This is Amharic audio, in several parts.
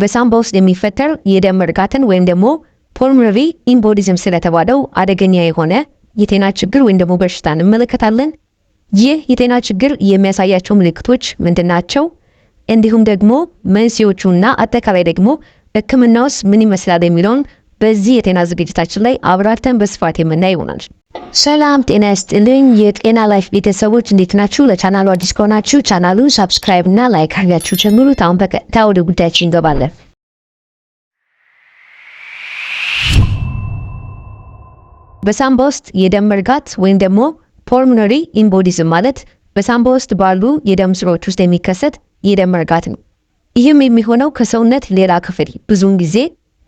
በሳምባ ውስጥ የሚፈጠር የደም መርጋትን ወይም ደግሞ ፖልሞነሪ ኢምቦሊዝም ስለተባለው አደገኛ የሆነ የጤና ችግር ወይም ደግሞ በሽታ እንመለከታለን። ይህ የጤና ችግር የሚያሳያቸው ምልክቶች ናቸው? እንዲሁም ደግሞ መንስኤዎቹና አጠቃላይ ደግሞ ሕክምናውስ ምን ይመስላል የሚለውን በዚህ የጤና ዝግጅታችን ላይ አብራርተን በስፋት የምናይ ይሆናል። ሰላም ጤና ይስጥልኝ የጤና ላይፍ ቤተሰቦች እንዴት ናችሁ? ለቻናሉ አዲስ ከሆናችሁ ቻናሉን ሳብስክራይብ እና ላይክ አርጋችሁ ጀምሩት። አሁን በቀጥታ ወደ ጉዳያችን እንገባለን። በሳምባ ውስጥ የደም መርጋት ወይም ደግሞ ፖልሞነሪ ኢምቦዲዝም ማለት በሳምባ ውስጥ ባሉ የደም ስሮች ውስጥ የሚከሰት የደም መርጋት ነው። ይህም የሚሆነው ከሰውነት ሌላ ክፍል ብዙውን ጊዜ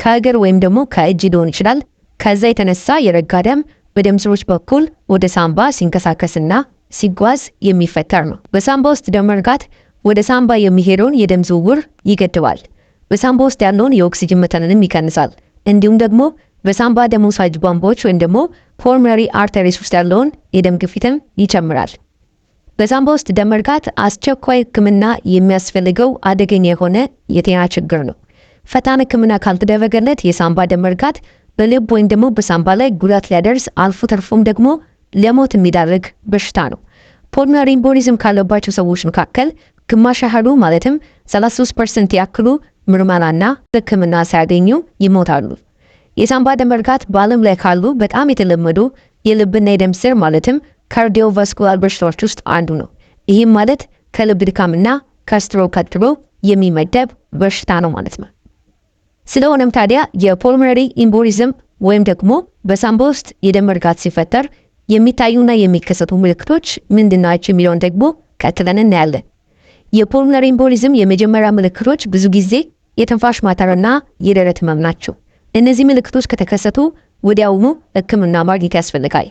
ከእግር ወይም ደግሞ ከእጅ ሊሆን ይችላል። ከዛ የተነሳ የረጋ ደም በደም ስሮች በኩል ወደ ሳምባ ሲንቀሳቀስና ሲጓዝ የሚፈጠር ነው። በሳምባ ውስጥ ደም መርጋት ወደ ሳምባ የሚሄደውን የደም ዝውውር ይገድባል። በሳምባ ውስጥ ያለውን የኦክሲጅን መጠንንም ይቀንሳል። እንዲሁም ደግሞ በሳምባ ደም ወሳጅ ቧንቧዎች ወይም ደግሞ ፖልሞናሪ አርተሪስ ውስጥ ያለውን የደም ግፊትም ይጨምራል። በሳምባ ውስጥ ደም መርጋት አስቸኳይ ሕክምና የሚያስፈልገው አደገኛ የሆነ የጤና ችግር ነው። ፈጣን ሕክምና ካልተደረገለት የሳምባ ደም መርጋት በልብ ወይም ደግሞ በሳምባ ላይ ጉዳት ሊያደርስ አልፎ ተርፎም ደግሞ ለሞት የሚዳርግ በሽታ ነው። ፖልሞናሪ ኢምቦሊዝም ካለባቸው ሰዎች መካከል ግማሽ ያህሉ ማለትም 33 ፐርሰንት ያክሉ ምርመራና ሕክምና ሳያገኙ ይሞታሉ። የሳምባ ደም መርጋት በዓለም ላይ ካሉ በጣም የተለመዱ የልብና የደም ስር ማለትም ካርዲዮቫስኩላር በሽታዎች ውስጥ አንዱ ነው። ይህም ማለት ከልብ ድካምና ከስትሮክ ቀጥሎ የሚመደብ በሽታ ነው ማለት ነው። ስለሆነም ታዲያ የፖልሞነሪ ኢምቦሊዝም ወይም ደግሞ በሳምቦ ውስጥ የደም መርጋት ሲፈጠር የሚታዩና የሚከሰቱ ምልክቶች ምንድን ናቸው የሚለውን ደግሞ ቀጥለን እናያለን። የፖልሞነሪ ኢምቦሊዝም የመጀመሪያ ምልክቶች ብዙ ጊዜ የትንፋሽ ማጠርና የደረት ህመም ናቸው። እነዚህ ምልክቶች ከተከሰቱ ወዲያውኑ ሕክምና ማግኘት ያስፈልጋል።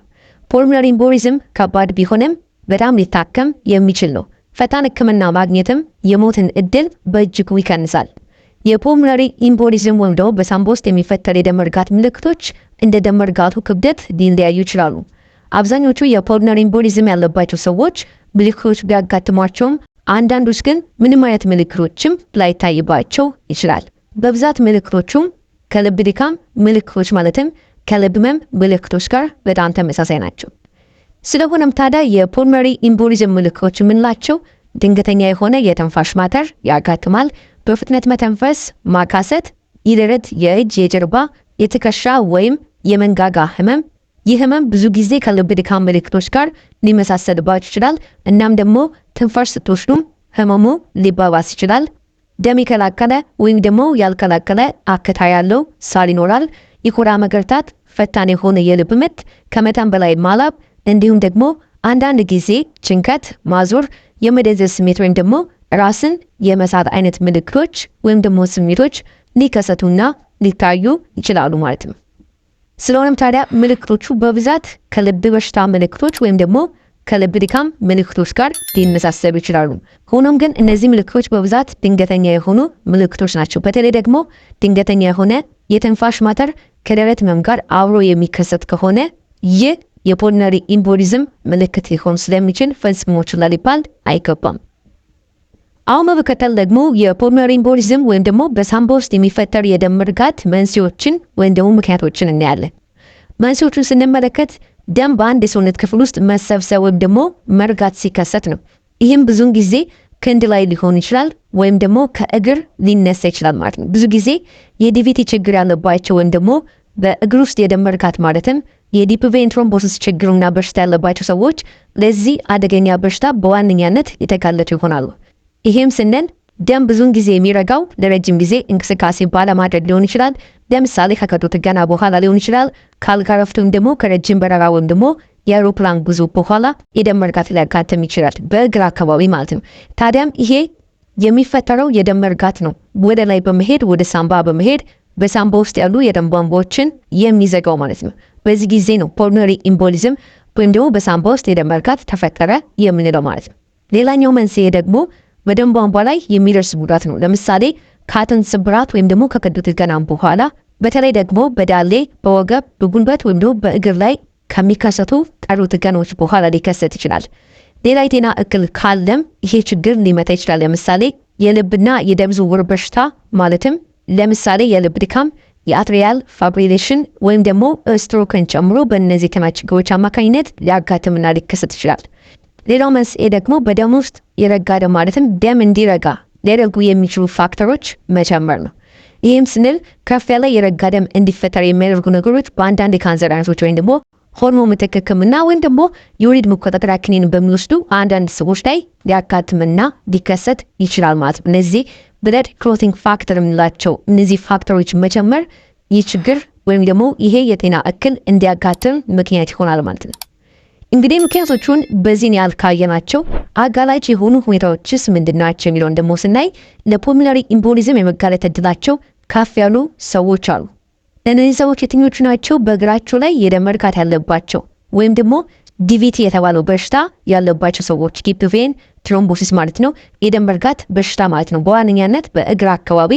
ፖልሞነሪ ኢምቦሊዝም ከባድ ቢሆንም በጣም ሊታከም የሚችል ነው። ፈጣን ሕክምና ማግኘትም የሞትን እድል በእጅጉ ይቀንሳል። የፖልሞናሪ ኢምቦሊዝም ወይም ደግሞ በሳምባ ውስጥ የሚፈጠር የደም እርጋት ምልክቶች እንደ ደም እርጋቱ ክብደት ሊለያዩ ይችላሉ። አብዛኞቹ የፖልሞናሪ ኢምቦሊዝም ያለባቸው ሰዎች ምልክቶች ቢያጋጥሟቸውም፣ አንዳንዶች ግን ምንም አይነት ምልክቶችም ላይታይባቸው ይችላል። በብዛት ምልክቶቹም ከልብ ድካም ምልክቶች ማለትም ከልብ ህመም ምልክቶች ጋር በጣም ተመሳሳይ ናቸው። ስለሆነም ታዲያ የፖልሞናሪ ኢምቦሊዝም ምልክቶች የምንላቸው ድንገተኛ የሆነ የትንፋሽ ማጠር ያጋጥማል በፍጥነት መተንፈስ ማካሰት፣ የደረት፣ የእጅ፣ የጀርባ፣ የትከሻ ወይም የመንጋጋ ህመም። ይህ ህመም ብዙ ጊዜ ከልብ ድካም ምልክቶች ጋር ሊመሳሰልባችሁ ይችላል። እናም ደግሞ ትንፋሽ ስትወስዱም ህመሙ ሊባባስ ይችላል። ደም የከላከለ ወይም ደግሞ ያልከላከለ አክታ ያለው ሳል ይኖራል። የቆዳ መገርታት ፈታን የሆነ የልብ ምት፣ ከመጠን በላይ ማላብ እንዲሁም ደግሞ አንዳንድ ጊዜ ጭንቀት፣ ማዞር፣ የመደዘዝ ስሜት ወይም ደግሞ ራስን የመሳት አይነት ምልክቶች ወይም ደግሞ ስሜቶች ሊከሰቱና ሊታዩ ይችላሉ ማለት ነው። ስለሆነም ታዲያ ምልክቶቹ በብዛት ከልብ በሽታ ምልክቶች ወይም ደግሞ ከልብ ድካም ምልክቶች ጋር ሊመሳሰሉ ይችላሉ። ሆኖም ግን እነዚህ ምልክቶች በብዛት ድንገተኛ የሆኑ ምልክቶች ናቸው። በተለይ ደግሞ ድንገተኛ የሆነ የትንፋሽ ማጠር ከደረት ህመም ጋር አብሮ የሚከሰት ከሆነ ይህ የፖልነሪ ኢምቦሊዝም ምልክት ሊሆን ስለሚችል ፈጽሞ ችላ ሊባል አይገባም። አሁን በመከተል ደግሞ የፖልሞናሪምቦሊዝም ወይም ደግሞ በሳምባ ውስጥ የሚፈጠር የደም እርጋት መንስኤዎችን ወይም ደግሞ ምክንያቶችን እናያለን። መንስኤዎቹን ስንመለከት ደም በአንድ የሰውነት ክፍል ውስጥ መሰብሰብ ወይም ደግሞ መርጋት ሲከሰት ነው። ይህም ብዙውን ጊዜ ክንድ ላይ ሊሆን ይችላል ወይም ደግሞ ከእግር ሊነሳ ይችላል ማለት ነው። ብዙ ጊዜ የዲቪቲ ችግር ያለባቸው ወይም ደግሞ በእግር ውስጥ የደም መርጋት ማለትም የዲፕ ቬን ትሮምቦሲስ ችግሩና በሽታ ያለባቸው ሰዎች ለዚህ አደገኛ በሽታ በዋነኛነት የተጋለጡ ይሆናሉ። ይሄም ስንል ደም ብዙውን ጊዜ የሚረጋው ለረጅም ጊዜ እንቅስቃሴ ባለማድረግ ሊሆን ይችላል። ለምሳሌ ከቀዶ ጥገና በኋላ ሊሆን ይችላል። ካልጋረፍቱም ደግሞ ከረጅም በረራ ወይም ደግሞ የአውሮፕላን ጉዞ በኋላ የደም መርጋት ሊያጋጥም ይችላል፣ በእግር አካባቢ ማለት ነው። ታዲያም ይሄ የሚፈጠረው የደም መርጋት ነው፣ ወደ ላይ በመሄድ ወደ ሳምባ በመሄድ በሳምባ ውስጥ ያሉ የደም ቧንቧዎችን የሚዘጋው ማለት ነው። በዚህ ጊዜ ነው ፖልሞናሪ ኢምቦሊዝም ወይም ደግሞ በሳምባ ውስጥ የደም መርጋት ተፈጠረ የምንለው ማለት ነው። ሌላኛው መንስኤ ደግሞ በደም ቧንቧ ላይ የሚደርስ ጉዳት ነው። ለምሳሌ ከአጥንት ስብራት ወይም ደግሞ ከቀዶ ጥገና በኋላ በተለይ ደግሞ በዳሌ፣ በወገብ፣ በጉልበት ወይም ደግሞ በእግር ላይ ከሚከሰቱ ቀዶ ጥገናዎች በኋላ ሊከሰት ይችላል። ሌላ የጤና እክል ካለም ይሄ ችግር ሊመታ ይችላል። ለምሳሌ የልብና የደም ዝውውር በሽታ ማለትም ለምሳሌ የልብ ድካም፣ የአትሪያል ፋብሪሌሽን ወይም ደግሞ ስትሮክን ጨምሮ በእነዚህ የጤና ችግሮች አማካኝነት ሊያጋጥምና ሊከሰት ይችላል። ሌላው መንስኤ ደግሞ በደም ውስጥ የረጋ ማለትም ደም እንዲረጋ ሊያደርጉ የሚችሉ ፋክተሮች መጨመር ነው። ይህም ስንል ከፍ ያለ የረጋ ደም እንዲፈጠር የሚያደርጉ ነገሮች በአንዳንድ የካንሰር አይነቶች ወይም ደግሞ ሆርሞን ምትክ ሕክምና ወይም ደግሞ የወሊድ መቆጣጠሪያ ክኒን በሚወስዱ አንዳንድ ሰዎች ላይ ሊያካትምና ሊከሰት ይችላል ማለት ነው። እነዚህ ብለድ ክሎቲንግ ፋክተር የምንላቸው እነዚህ ፋክተሮች መጨመር ይህ ችግር ወይም ደግሞ ይሄ የጤና እክል እንዲያጋጥም ምክንያት ይሆናል ማለት ነው። እንግዲህ ምክንያቶቹን በዚህን ያህል ካየናቸው አጋላጭ የሆኑ ሁኔታዎችስ ምንድን ናቸው የሚለውን ደግሞ ስናይ ለፖሚላሪ ኢምቦሊዝም የመጋለጥ እድላቸው ከፍ ያሉ ሰዎች አሉ። ለእነዚህ ሰዎች የትኞቹ ናቸው? በእግራቸው ላይ የደም መርጋት ያለባቸው ወይም ደግሞ ዲቪቲ የተባለው በሽታ ያለባቸው ሰዎች ኪፕ ትሮምቦሲስ ማለት ነው። የደም መርጋት በሽታ ማለት ነው። በዋነኛነት በእግር አካባቢ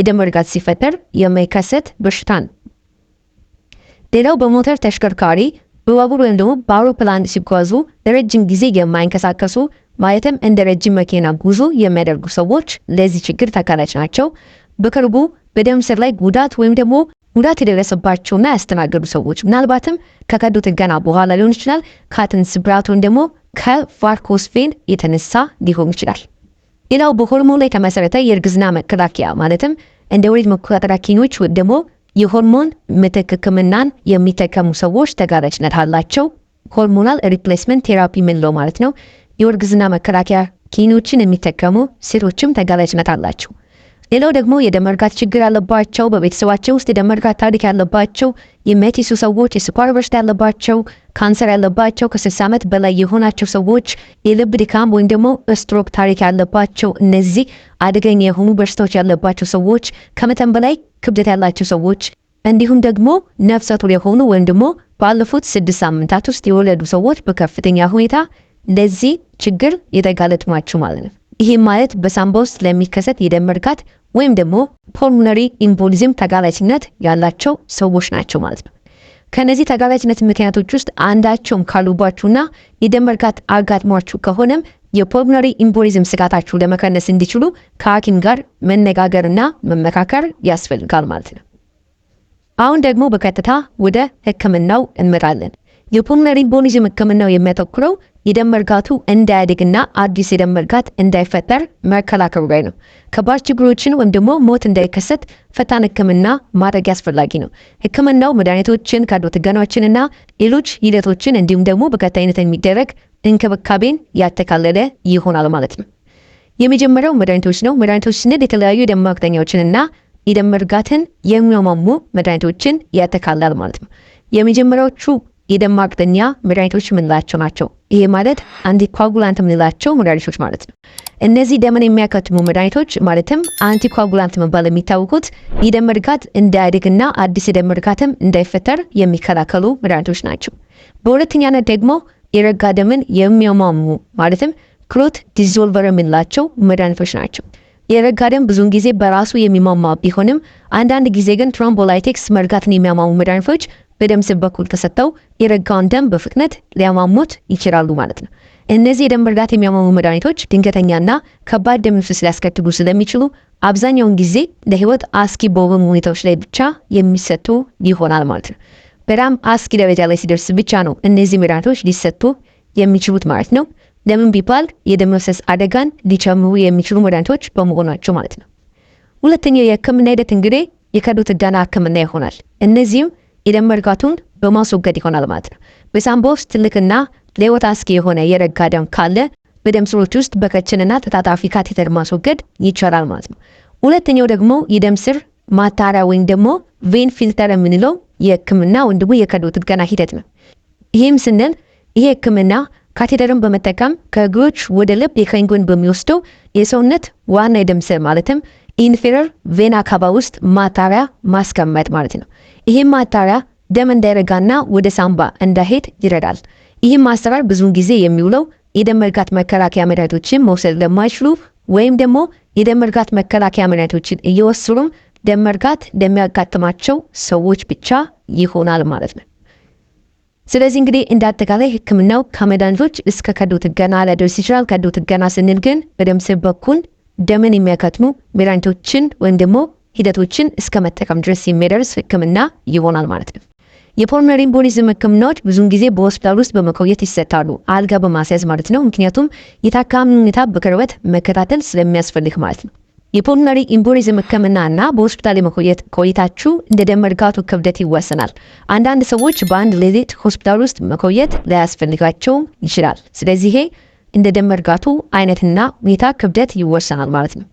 የደም መርጋት ሲፈጠር የሚከሰት በሽታ ነው። ሌላው በሞተር ተሽከርካሪ በባቡር ወይም ደግሞ በአውሮፕላን ሲጓዙ ለረጅም ጊዜ የማይንቀሳቀሱ ማለትም እንደ ረጅም መኪና ጉዞ የሚያደርጉ ሰዎች ለዚህ ችግር ተጋላጭ ናቸው። በቅርቡ በደም ስር ላይ ጉዳት ወይም ደግሞ ጉዳት የደረሰባቸውና ያስተናገዱ ሰዎች ምናልባትም ከቀዶ ጥገና በኋላ ሊሆን ይችላል። ከአጥንት ስብራት ወይም ደግሞ ከvaricose የተነሳ ሊሆን ይችላል። ሌላው በሆርሞን ላይ የተመሰረተ የእርግዝና መከላከያ ማለትም እንደ ወሊድ መቆጣጠሪያ ኪኒኖች ወይም ደግሞ የሆርሞን ምትክ ህክምናን የሚጠቀሙ ሰዎች ተጋላጭነት አላቸው። ሆርሞናል ሪፕሌስመንት ቴራፒ ምንለው ማለት ነው። የወርግዝና መከላከያ ኪኖችን የሚጠቀሙ ሴቶችም ተጋላጭነት አላቸው። ሌላው ደግሞ የደም እርጋት ችግር ያለባቸው፣ በቤተሰባቸው ውስጥ የደም እርጋት ታሪክ ያለባቸው፣ የሜቲሱ ሰዎች፣ የስኳር በሽታ ያለባቸው ካንሰር ያለባቸው ከስልሳ ዓመት በላይ የሆናቸው ሰዎች፣ የልብ ድካም ወይም ደግሞ ስትሮክ ታሪክ ያለባቸው፣ እነዚህ አደገኛ የሆኑ በሽታዎች ያለባቸው ሰዎች፣ ከመጠን በላይ ክብደት ያላቸው ሰዎች እንዲሁም ደግሞ ነፍሰ ጡር የሆኑ ወይም ደግሞ ባለፉት ስድስት ሳምንታት ውስጥ የወለዱ ሰዎች በከፍተኛ ሁኔታ ለዚህ ችግር የተጋለጡ ናቸው ማለት ነው። ይህም ማለት በሳምባ ውስጥ ለሚከሰት የደም መርጋት ወይም ደግሞ ፖልሞነሪ ኢምቦሊዝም ተጋላጭነት ያላቸው ሰዎች ናቸው ማለት ነው። ከነዚህ ተጋላጭነት ምክንያቶች ውስጥ አንዳቸውም ካሉባችሁና የደም መርጋት አጋጥሟችሁ ከሆነም የፖልሞናሪ ኢምቦሊዝም ስጋታችሁ ለመቀነስ እንዲችሉ ከሐኪም ጋር መነጋገርና መመካከር ያስፈልጋል ማለት ነው። አሁን ደግሞ በቀጥታ ወደ ሕክምናው እንመራለን። የፑልሞነሪ ቦኒዝም ህክምናው የሚያተኩረው የደም መርጋቱ እንዳያድግና አዲስ የደም መርጋት እንዳይፈጠር መከላከሉ ላይ ነው። ከባድ ችግሮችን ወይም ደግሞ ሞት እንዳይከሰት ፈጣን ህክምና ማድረግ አስፈላጊ ነው። ህክምናው መድኃኒቶችን፣ ቀዶ ጥገናዎችንና ሌሎች ሂደቶችን እንዲሁም ደግሞ በቀጣይነት የሚደረግ እንክብካቤን ያተካለለ ይሆናል ማለት ነው። የመጀመሪያው መድኃኒቶች ነው። መድኃኒቶች ስንል የተለያዩ የደም ማቅጠኛዎችንና የደም መርጋትን የሚያሟሙ መድኃኒቶችን ያተካላል ማለት ነው። የመጀመሪያዎቹ የደም ማቅጠኛ መድኃኒቶች የምንላቸው ናቸው። ይሄ ማለት አንቲኳጉላንት የምንላቸው መድኃኒቶች ማለት ነው። እነዚህ ደምን የሚያከትሙ መድኃኒቶች ማለትም አንቲኳጉላንት መባል የሚታወቁት የደም እርጋት እንዳያድግና አዲስ የደም እርጋትም እንዳይፈጠር የሚከላከሉ መድኃኒቶች ናቸው። በሁለተኛነት ደግሞ የረጋ ደምን የሚያሟሙ ማለትም ክሎት ዲዞልቨር የምንላቸው መድኃኒቶች ናቸው። የረጋ ደም ብዙውን ጊዜ በራሱ የሚሟማ ቢሆንም አንዳንድ ጊዜ ግን ትሮምቦላይቴክስ መርጋትን የሚያሟሙ መድኃኒቶች በደምስ በኩል ተሰጥተው የረጋውን ደም በፍጥነት ሊያሟሙት ይችላሉ ማለት ነው። እነዚህ የደም እርጋት የሚያሟሙ መድኃኒቶች ድንገተኛና ከባድ ደም መፍሰስ ሊያስከትሉ ስለሚችሉ አብዛኛውን ጊዜ ለህይወት አስጊ በሆኑ ሁኔታዎች ላይ ብቻ የሚሰጡ ይሆናል ማለት ነው። በጣም አስጊ ደረጃ ላይ ሲደርስ ብቻ ነው እነዚህ መድኃኒቶች ሊሰጡ የሚችሉት ማለት ነው። ለምን ቢባል የደም መፍሰስ አደጋን ሊጨምሩ የሚችሉ መድኃኒቶች በመሆናቸው ማለት ነው። ሁለተኛው የህክምና ሂደት እንግዲህ የቀዶ ጥገና ህክምና ይሆናል። እነዚህም የደም መርጋቱን በማስወገድ ይሆናል ማለት ነው። በሳምቦስ ትልቅና ለህይወት አስጊ የሆነ የረጋ ደም ካለ በደም ስሮች ውስጥ በከችንና ተጣጣፊ ካቴተር ማስወገድ ይቻላል ማለት ነው። ሁለተኛው ደግሞ የደም ስር ማጣሪያ ወይም ደግሞ ቬን ፊልተር የምንለው የህክምና ወይም ደግሞ የቀዶ ጥገና ሂደት ነው። ይህም ስንል ይሄ ህክምና ካቴተርን በመጠቀም ከእግሮች ወደ ልብ የከንጎን በሚወስደው የሰውነት ዋና የደም ስር ማለትም ኢንፌረር ቬን አካባ ውስጥ ማጣሪያ ማስቀመጥ ማለት ነው። ይህም ማጣሪያ ደም እንዳይረጋና ወደ ሳምባ እንዳሄድ ይረዳል። ይህም አሰራር ብዙውን ጊዜ የሚውለው የደም ርጋት መከላከያ መድኃኒቶችን መውሰድ ለማይችሉ ወይም ደግሞ የደም ርጋት መከላከያ መድኃኒቶችን እየወሰዱም ደም እርጋት እንደሚያጋጥማቸው ሰዎች ብቻ ይሆናል ማለት ነው። ስለዚህ እንግዲህ እንደ አጠቃላይ ሕክምናው ከመድኃኒቶች እስከ ቀዶ ጥገና ሊያደርስ ይችላል። ቀዶ ጥገና ስንል ግን በደም ስር በኩል ደምን የሚያከትሙ መድኃኒቶችን ወይም ደግሞ ሂደቶችን እስከ መጠቀም ድረስ የሚደርስ ህክምና ይሆናል ማለት ነው። የፖልሞናሪ ኢምቦሊዝም ህክምናዎች ብዙውን ጊዜ በሆስፒታል ውስጥ በመቆየት ይሰጣሉ፣ አልጋ በማስያዝ ማለት ነው። ምክንያቱም የታካሚውን ሁኔታ በቅርበት መከታተል ስለሚያስፈልግ ማለት ነው። የፖልሞናሪ ኢምቦሊዝም ህክምና እና በሆስፒታል የመቆየት ቆይታችሁ እንደ ደም መርጋቱ ክብደት ይወሰናል። አንዳንድ ሰዎች በአንድ ሌሊት ሆስፒታል ውስጥ መቆየት ላያስፈልጋቸው ይችላል። ስለዚህ እንደ ደም መርጋቱ አይነትና ሁኔታ ክብደት ይወሰናል ማለት ነው።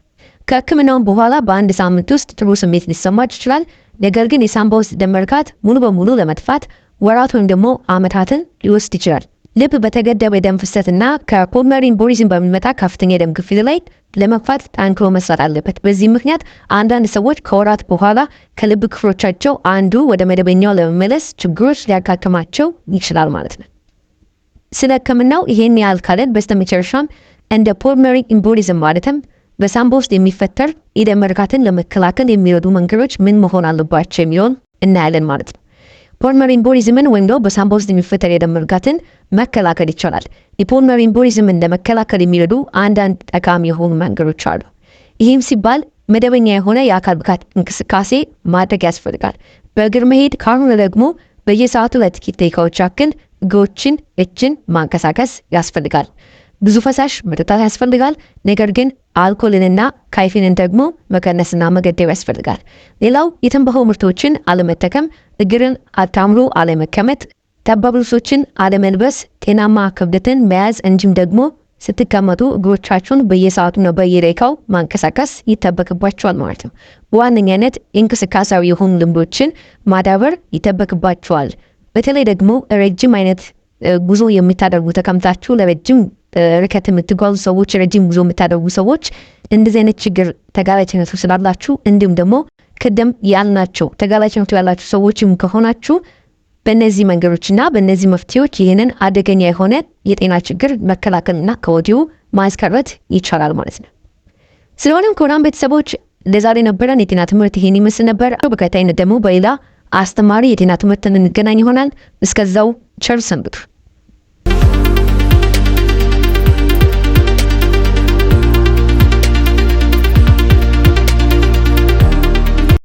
ከህክምናውም በኋላ በአንድ ሳምንት ውስጥ ጥሩ ስሜት ሊሰማች ይችላል። ነገር ግን የሳንባ ውስጥ ደም መርጋት ሙሉ በሙሉ ለመጥፋት ወራት ወይም ደግሞ አመታትን ሊወስድ ይችላል። ልብ በተገደበ የደም ፍሰትና ከኮሮነሪ ኢምቦሊዝም በሚመጣ ከፍተኛ የደም ግፊት ላይ ለመግፋት ጠንክሮ መስራት አለበት። በዚህ ምክንያት አንዳንድ ሰዎች ከወራት በኋላ ከልብ ክፍሎቻቸው አንዱ ወደ መደበኛው ለመመለስ ችግሮች ሊያጋጥማቸው ይችላል ማለት ነው። ስለ ህክምናው ይሄን ያህል ካለን በስተመጨረሻም እንደ ኮሮነሪ ኢምቦሊዝም ማለትም በሳንባ ውስጥ የሚፈጠር የደም መርጋትን ለመከላከል የሚረዱ መንገዶች ምን መሆን አለባቸው የሚሆን እናያለን ማለት ነው። ፖልመሪ ኢምቦሊዝምን ወይም ደግሞ በሳንባ ውስጥ የሚፈጠር የደም መርጋትን መከላከል ይቻላል። የፖልመሪ ኢምቦሊዝምን ለመከላከል የሚረዱ አንዳንድ ጠቃሚ የሆኑ መንገዶች አሉ። ይህም ሲባል መደበኛ የሆነ የአካል ብቃት እንቅስቃሴ ማድረግ ያስፈልጋል። በእግር መሄድ ካልሆነ ደግሞ በየሰዓቱ ለጥቂት ደቂቃዎች ያክል እግሮችን፣ እጅን ማንቀሳቀስ ያስፈልጋል። ብዙ ፈሳሽ መጠጣት ያስፈልጋል። ነገር ግን አልኮልንና ካይፊንን ደግሞ መቀነስና መገደብ ያስፈልጋል። ሌላው የትንባሆ ምርቶችን አለመጠቀም፣ እግርን አታምሮ አለመቀመጥ፣ ጠባብ ልብሶችን አለመልበስ፣ ጤናማ ክብደትን መያዝ እንጂም ደግሞ ስትቀመጡ እግሮቻችሁን በየሰዓቱና በየደቂቃው ማንቀሳቀስ ይጠበቅባቸዋል ማለት ነው። በዋነኛነት እንቅስቃሴያዊ የሆኑ ልምዶችን ማዳበር ይጠበቅባቸዋል። በተለይ ደግሞ ረጅም አይነት ጉዞ የምታደርጉ ተቀምጣችሁ ለረጅም ርከት የምትጓዙ ሰዎች፣ ረጅም ጉዞ የምታደርጉ ሰዎች እንደዚህ አይነት ችግር ተጋላጭነቱ ስላላችሁ እንዲሁም ደግሞ ቅድም ያልናቸው ተጋላጭነቱ ያላችሁ ሰዎችም ከሆናችሁ በእነዚህ መንገዶችና በእነዚህ መፍትሄዎች ይህንን አደገኛ የሆነ የጤና ችግር መከላከልና ከወዲሁ ማስቀረት ይቻላል ማለት ነው። ስለሆነም ክቡራን ቤተሰቦች ለዛሬ ነበረን የጤና ትምህርት ይህን ይመስል ነበር። በከታይነት ደግሞ በሌላ አስተማሪ የጤና ትምህርት እንገናኝ ይሆናል። እስከዛው ቸር ሰንብቱ።